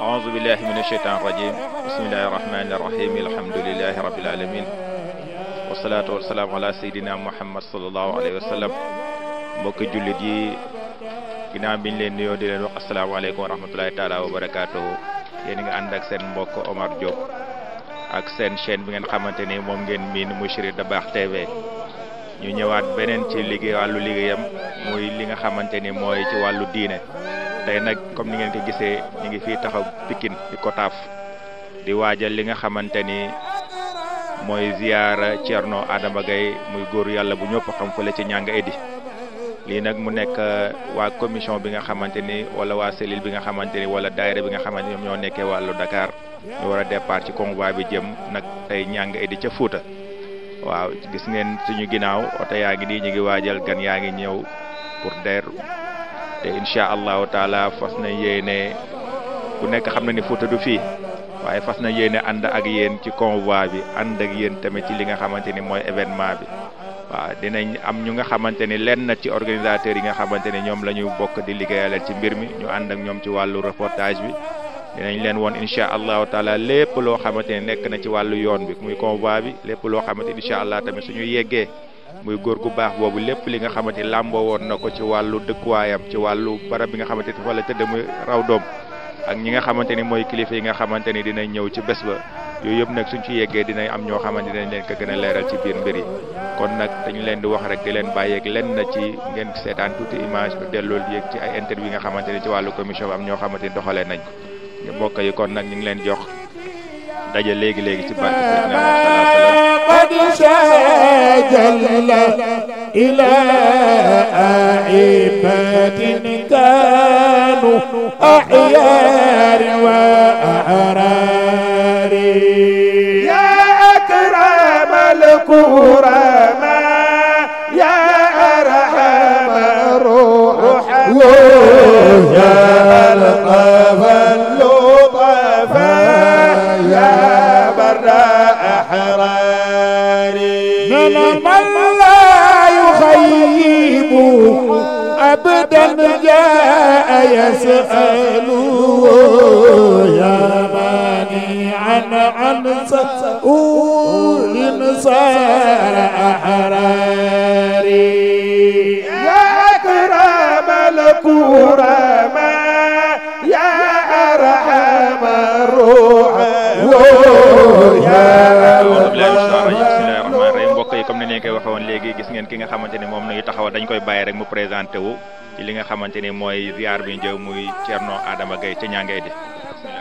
أعوذ بالله من الشيطان الرجيم بسم الله الرحمن الرحيم الحمد لله رب العالمين والصلاة والسلام على سيدنا محمد صلى mbokki jullit yi ginnaaw biñ leen nuyoo di leen wax asalaamaaleykum wa rahmatulahi taala wa barakaatuhu yéen ànd ak seen mbokk Omar Diop ak seen chaîne bi ngeen xamante ni moom ngeen miin muy Chérif baax TV ñu ñëwaat beneen ci liggéey wàllu liggéeyam muy li nga xamante ni mooy ci wàllu diine tey nag comme ni ngeen ko gisee ñu ngi fii taxaw Pikine ci Kotaaf di waajal li nga xamante ni mooy ziyaara Thierno Adama Gaye muy góor yàlla bu ñëpp xam fële ci Nianga Edy lii nag mu nekk euh, waa commission bi nga xamante ni wala waa cellule bi nga xamante ni wala daayira bi nga xamante ni ñoo nekkee wàllu Dakar ñu war a départ ci convoi bi jëm nag tey Nianga Edy ca Fuuta waaw gis ngeen suñu ginnaaw oto yaa ngi nii ñu ngi waajal gan yaa ngi ñëw pour der te incha allahu taala fas na yéene ku nekk xam na ni Fuuta du fii waaye fas na yéene ànd ak yéen ci convoi bi ànd ak yéen tamit ci li nga xamante ni mooy événement bi waaw dinañ am ñu nga xamante ni lenn ci organisateurs yi nga xamante ni ñoom la ñu bokk di liggéeyaleel ci mbir mi ñu ànd ak ñoom ci wàllu reportage bi dinañ leen woon incha allahu taala lépp loo xamante ni nekk na ci wàllu yoon bi muy convoi bi lépp loo xamante ni incha allah tamit suñu yeggee muy góor gu baax boobu lépp li nga xamante ni làmboo woon na ko ci wàllu dëkkuwaayam ci wàllu barab bi nga xamante ni fa la tëdd muy raw doom ak ñi nga xamante ni mooy kilifa yi nga xamante ni dinañ ñëw ci bés ba yooyu yëpp nag suñ ci yeggee dinañ am ñoo xamante dinañ leen ko gën leeral ci biir mbir yi kon nag dañu leen di wax rek di leen bàyyeeg lenn na ci ngeen seetaan tuuti image bi delloo yéeg ci ay interview yi nga xamante ni ci wàllu commission am ñoo xamante ni doxalee nañ ko mbokk yi kon nag ñu ngi leen jox léegi léegi ci barke قد سجل إلى أئمة كانوا أحيار وأعرار من لا يخيب أبدا جاء يسأل يا مانعا عن سؤول صار أحرار ngeen ki nga xamante ni moom nuy taxawal dañ koy bàyyi rek mu présenté ci li nga xamante ni mooy ziar bi jëw muy Thierno Adama Gaye ca ñaangay di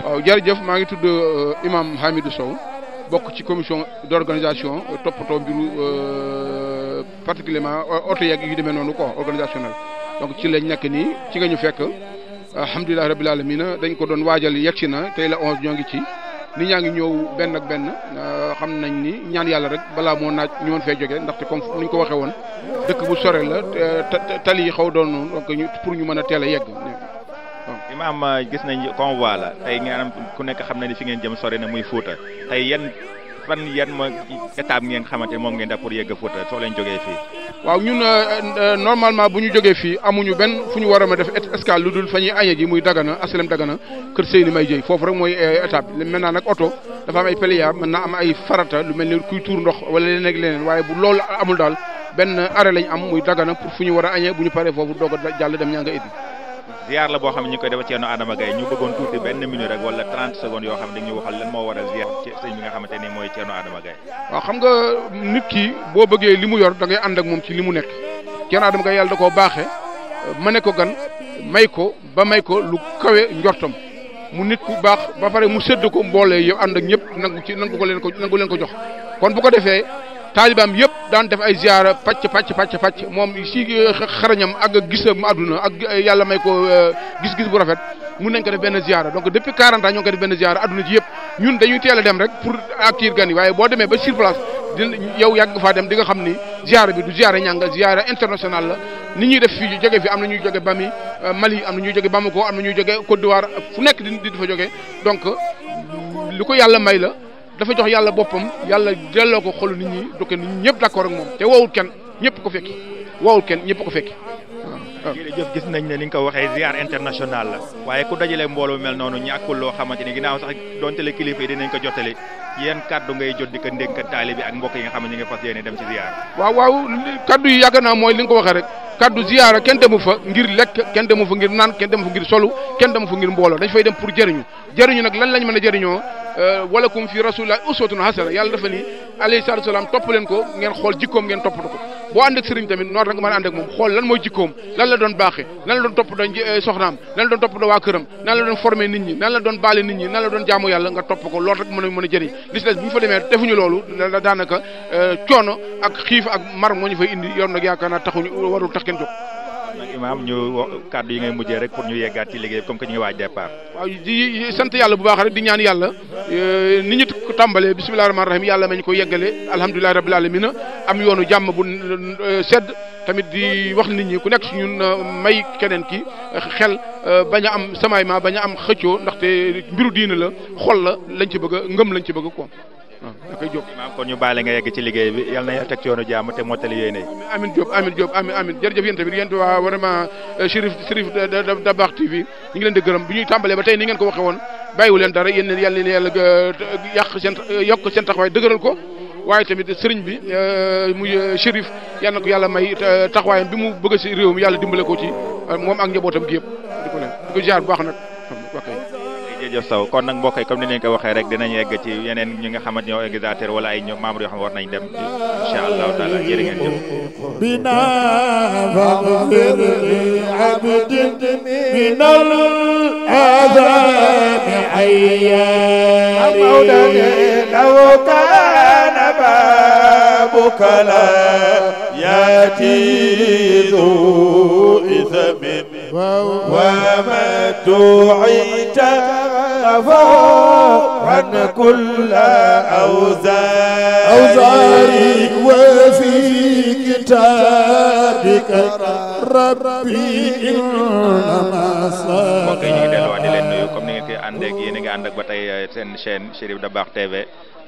waaw jërëjëf maa ngi tudd euh, imam Hamidou Sow bokk ci commission d'organisation euh, toppatoo mbiru euh, particulièrement oto yeeg yu demee noonu quoi organisationnel donc ci lañ nekk nii ci nga ñu fekk alhamdulilah rabbil alamin dañ ko doon waajal yegg na tey la 11 ñoo ngi ci nit ñaa ngi ñëw benn ak benn euh, xam nañ ni ñaan yàlla rek balaa moo naaj ñu fee jógee ndaxte comme ni ñu ko waxee woon dëkk bu sore la tali yi xaw doon noonu donc pour ñu mën a teel a yegg. am euh, gis nañ convoi la tey ngeen am ku nekk xam na ni fi ngeen jëm sore na muy Fuuta tey yenn fan yan ma étape ngeen xamante moom ngeen def pour yegg Fouta soo leen jógee fii. waaw ñun euh, euh, normalement bu ñu jógee fii amuñu benn fu ñu war a def escale lu dul fa ñuy añee ji muy Dagana aslem Dagana kër Seyni May Dieye foofu rek mooy euh, étape bi maintenant nag oto dafa am ay pléiades mën na am ay farata lu mel ni kuy tuur ndox wala leneen ak leneen waaye bu loolu amul daal benn arrêt lañ am muy Dagana pour fu ñu war a añee bu ñu paree foofu doog a jàll dem ñaa nga it. ziar la boo xam ne ñu koy defal Ceerno Adama Gaye ñu bëggoon tuuti benn minute rek wala 30 secondes yoo xam dañuy waxal lan moo war a ziar ci sëñ nga xamante ni mooy Ceerno Adama Gaye waaw xam nga nit ki boo bëggee li mu yor da ngay ànd moom ci li mu nekk Ceerno Adama Gaye yàlla da koo baaxee ma ne ko gan may ko ba may ko lu kawe njortom mu nit ku baax ba pare mu sédd ko mboolee yow ànd ak ñëpp nangu ci nangu ko leen ko nangu leen ko jox kon bu ko defee taalibaam yëpp daan def ay ziyaara pàcc pacc pàcc pàcc moom si xarañam ak gis àdduna ak yàlla may ko euh, gis-gis bu rafet mun nañ ko def benn ziyaara donc depuis 40 ñoo ko def benn ziyaara àdduna ji yëpp ñun dañuy teel a dem rek pour accueillir gan waaye boo demee ba sur place dina yow yàgg faa dem di nga xam ni ziyaara bi du ziyaara ñànga ziyaara international la ni ñuy def fii jóge fi am na ñuy jóge Bami euh, Mali am na ñuy jóge Bamako am na ñuy jóge Côte d'Ivoire fu nekk di di fa jóge donc lu ko yàlla may la. dafa jox yàlla boppam yàlla delloo ko xolu nit ñi du ko nit ñëpp d'accord ak moom te woowul kenn ñëpp ko fekki woowul kenn ñëpp ko fekki jërëjëf gis nañ ne ni nga ko waxee ziar international la waaye ku dajale mbooloo mel noonu ñàkkul loo xamante ni sax donte le kilifa yi dinañ ko jottali yéen kaddu ngay jot di ko ndénk taali bi ak mbokk nga xam ne ñu ngi fas yéene dem ci ziar waaw waaw kaddu yi yàgg naa mooy li nga ko waxee rek kaddu ziara kenn demu fa ngir lekk kenn demu fa ngir naan kenn demu fa ngir solu kenn demu fa ngir mbooloo dañ fay dem pour jëriñu jëriñu nag lan lañ mën a jëriñoo euh, walakum fi rasulillahi uswatun hasana yàlla dafa ni alayhi salatu wasalaam ko ngeen xool jikkoom ngeen toppatu ko boo ànd sëriñ tamit noonu rek mën a ànd ak moom xool lan mooy jikkoom lan la doon baaxee lan la doon topp doon eh, soxnaam lan la doon topp doon waa këram nan la doon formé nit ñi nan la doon baale nit ñi nan la doon jaamu yàlla nga topp ko loolu rek mën a mën a jëriñ li si des bu ñu fa demee defuñu loolu daanaka eh, coono ak xiif ak mar moo ñu fay indi yoon nag yaakaar naa taxuñu warul tax kenn jóg imaam ñu kàddu yi ngay mujjee rek pour ñu yeggaat ci liggéey comme que ñu ngi waaj départ. waaw di sant yàlla bu baax rek di ñaan yàlla ni ñu ko tàmbalee bisimilah rahmaani rahiim yàlla nañ ko yeggale alhamdulilah rabbil alamin am yoonu jàmm bu e, sedd tamit di wax nit ñi ku nekk si suñu e, may keneen ki e, xel bañ am samaay ma bañ am xëccoo ndaxte mbiru diina la xol la lañ ci bëgg ngëm lañ ci bëgg ko dakoy Diop imaam kon ñu bàyyi nga yegg ci liggéey bi yal na teg ci yoonu jàmm te mottali yéene amin Diop amin Diop amin amin jërëjëf yéen tamit yéen waa vraiment euh, Chérif Chérif Dabakh TV ñu ngi leen di gërëm bi ñuy tàmbalee ba tey ni ngeen ko waxe woon bàyyiwu leen dara yéen yàlla leen yàlla euh, yàq seen euh, yokk seen taxawaay dëgëral ko waaye tamit sëriñ bi mu Chérif yal na ko yàlla may taxawaayam bi mu bëgg si réew mi yàlla dimbale ko ci moom ak njabootam gi yëpp di ko bu baax rajo Sow kon nag mbokk yi comme ni leen ko waxee rek dinañ egg ci yeneen ñi nga xamante ñoo organisateur wala ay ñoom membres yoo xam war nañ dem incha allahu taala jërë ngeen jëf. bina faghfir li abdin min al azami ayyaani mawdan law kana babuka la yati du إثم وما دعيت عفا عن كل أوزار أوزاري وفي كتابك ربي إنما صار ànd ak yéen a ngi ànd ak ba tey eh, seen chaîne Chérif baax TV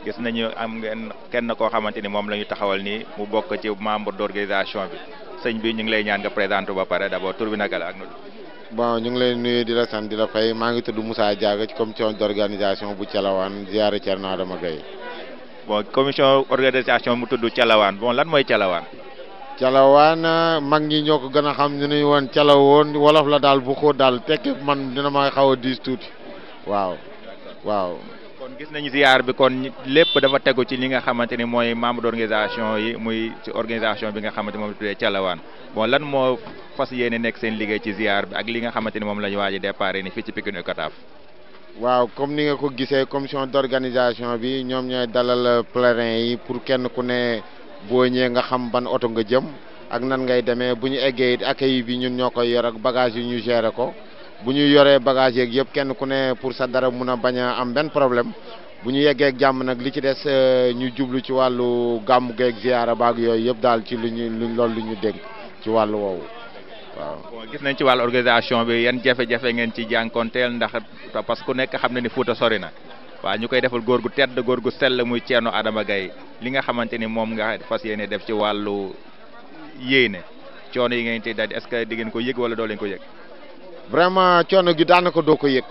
gis nañu am ngeen kenn koo xamante ni moom la ñu taxawal nii mu bokk ci membre d'organisation bi sëñ bi ñu ngi lay ñaan nga présenté ba pare d'abord tur bi naka la ak bon ñu ngi lay nuyu di la sant di la fay maa ngi tudd musa Diaga ci commission d'organisation bu Thialawane ziare Thierno Adama Gueye. bon commission organisation mu tudd Thialawane bon lan mooy Thialawane. Thialawane mag ñi ñoo ko gën a xam ñu ne woon Thialawoon wolof la daal bu xóot daal tekki man dina may xaw a diis tuuti waaw waaw. kon gis nañu ziar bi kon lépp dafa tegu ci li nga xamante ni mooy membre d'organisation yi muy ci organisation bi nga xamante moom la tuddee Thialawane lan moo fas yéene nekk seen liggéey ci ziar bi ak li nga xamante ni moom la ñu a départ ni fii ci Pikine Ucataf waaw comme ni nga ko gisee commission organisation bi ñoom ñooy dalal pèlerin yi pour kenn ku ne boo ñëwee nga xam ban oto nga jëm ak nan ngay demee bu ñu eggee it accueil bi ñun ñoo koy yor ak bagage yi ñu gérer ko bu ñu yoree bagage yeeg yëpp kenn ku ne pour sa dara mun a bañ a am benn problème bu ñu yeggee jàmm nag li ci des euh, ñu jublu ci wàllu gàmm geeg ziyaara baag yooyu yëpp daal ci lu ñu loolu lu ñu dégg ci wàllu woowu waaw. bon gis nañ ci wàllu organisation bi yan jafe-jafe ngeen ci jànkonteel ndax parce que nekk xam na ni Fouta sori na waa ñu koy defal góor gu tedd góor gu sell muy Thierno Adama Gaye li nga xamante moom nga fas yéene def ci wàllu yéene coono yi ngeen ci daj est-ce ngeen ko yëg wala doo leen ko yëg. vraiment coono gi daanaka doo ko yëg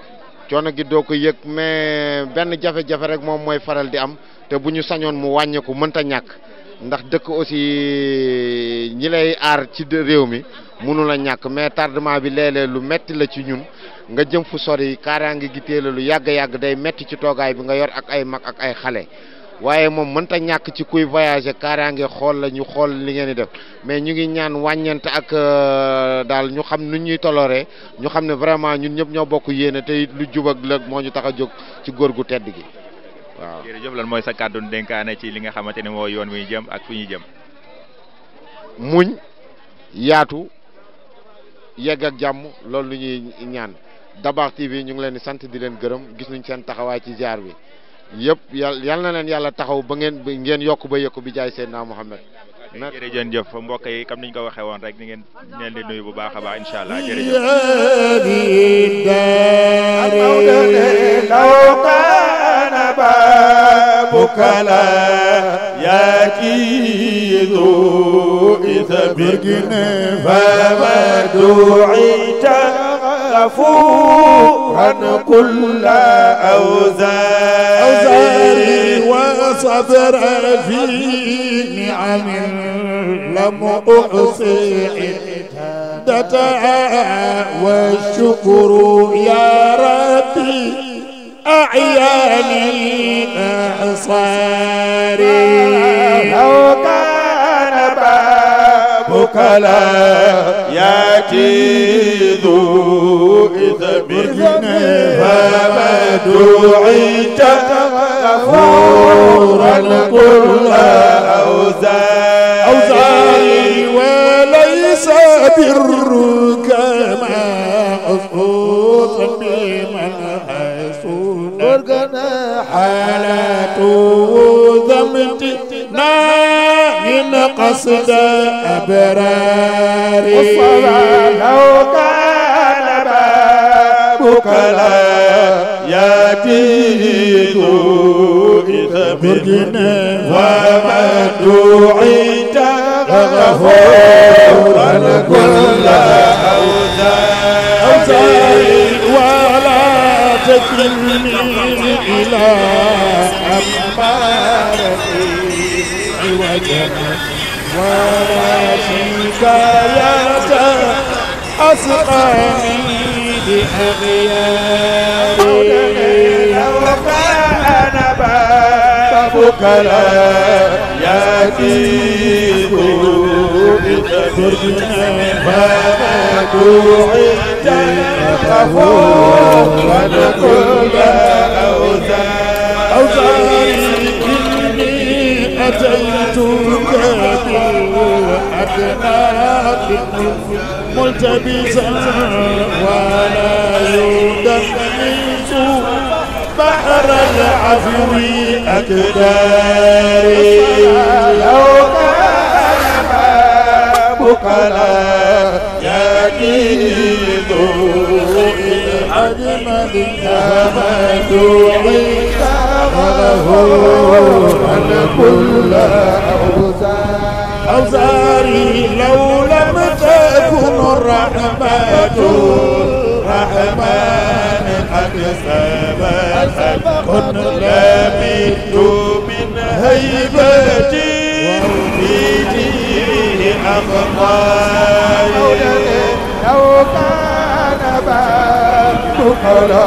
coono gi doo ko yëg mais benn jafe-jafe rek moom mooy faral di am te bu ñu sañoon mu wàññeeku mënta ñàkk ndax dëkk aussi ñi lay aar ci réew mi mënula la ñàkk mais tardement bi léeg-léeg lu metti la ci ñun nga jëm fu sori kaaraange gi téela lu yàgg-yàgg day metti ci toogaay bi nga yor ak ay mag ak ay xale waaye moom mënta ñàkk ci kuy voyager kaaraange xool la ñu xool li ngeen di def mais ñu ngi ñaan wàññante ak euh, daal ñu xam nu ñuy toloree ñu xam ne vraiment ñun ñëpp ñoo bokk yéene te it lu jub ak lëg moo ñu tax a jóg ci góor gu tedd gi waaw. jërëjëf lan mooy sa kàddu dénkaane ci li nga xamante ne mooy yoon wi ñu jëm ak fu ñuy jëm. muñ yaatu yegg ak jàmm loolu lu ñuy ñaan Dabakh TV ñu ngi leen di sant di leen gërëm gis nañ seen taxawaay ci ziar bi. yëpp yàlla yal na leen yàlla taxaw ba ngeen ngeen yokk ba yëkku bi jaay Seydina Muhammad jërëjëf mbokk yi comme ni ñu ko waxee woon rek ñu ngeen leen di nuyu bu baax a baax incha allah jërëjëf يكيد إذا بقنا فما دعيت غفورا كل أوزاري وصبرا في نعم لم أحصي عدتها والشكر يا ربي أعياني أحصاري كلا ياتي ذو إذا فما دعيت غفورا كل أوزاري وليس بر ورقنا حالات ذمتنا من قصد أبرار لو كان بابك لا يأتي ذو إثم وما دعيت غفورا كل أوزار ولا تكرمني إلى أقبارتي عوجا ولا شكايات أسقاني بأغياري لو كان بابك لا يأتيك بترجنا فما توعدنا فوق ونقول ملتبسا ولا يدنس بحر العفو أكداري لو كان بابك لا يكيد أجمل أمد عيسى غفور أن كل أوزاري لو لم تكن الرحمة رحمن قد سبقت كن لبثت من هيبتي في دين أخطائي لو كان بابك لا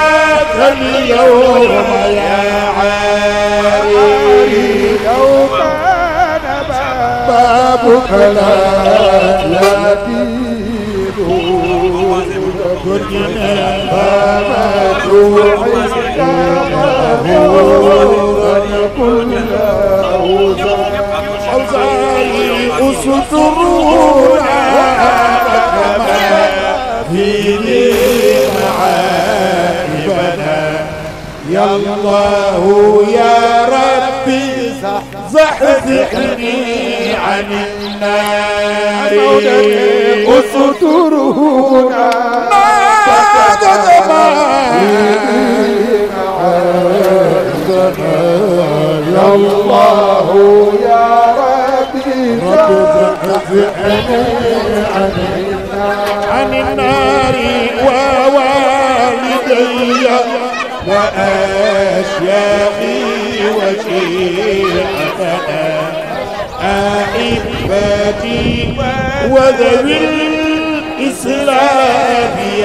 اليوم يا عاري لو كان بابك لا يبيد كنا فما توعدنا غورا كله أوزاري أسترونا كما فيني يا الله يا ربي زحزحني عن النار أسترهنا ما تدمع يا الله يا ربي زحزحني عن النار عن النار ووالدي وأشياخي وشيعتنا أحبتي وذوي الإسلام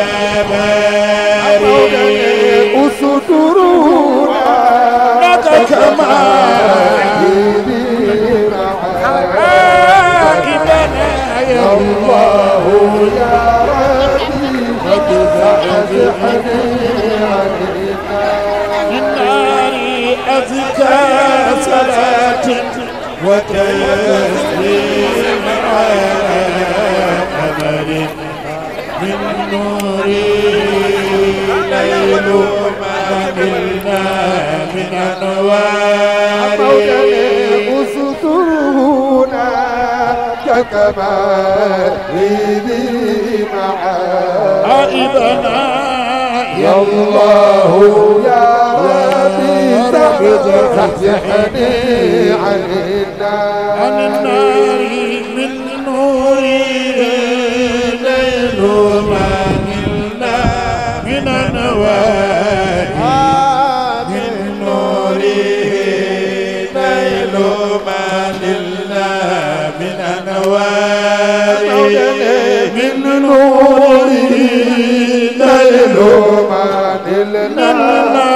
صلاة وتسليم على قمر من نوري ليل ما ملنا من أنواري أسطرنا ككمالي معا عائبنا يا الله يا ربي زحزحني عن النار عن النار من نوري ليل وما نلنا من أنواري من نوري ليل وما نلنا من أنواري من نوري ليل وما نلنا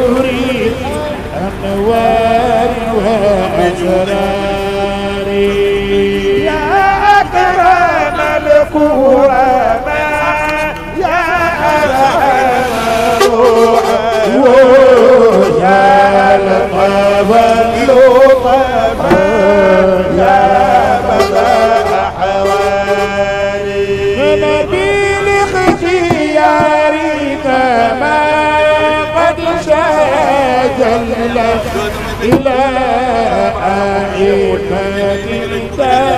إله إلا أئمة الله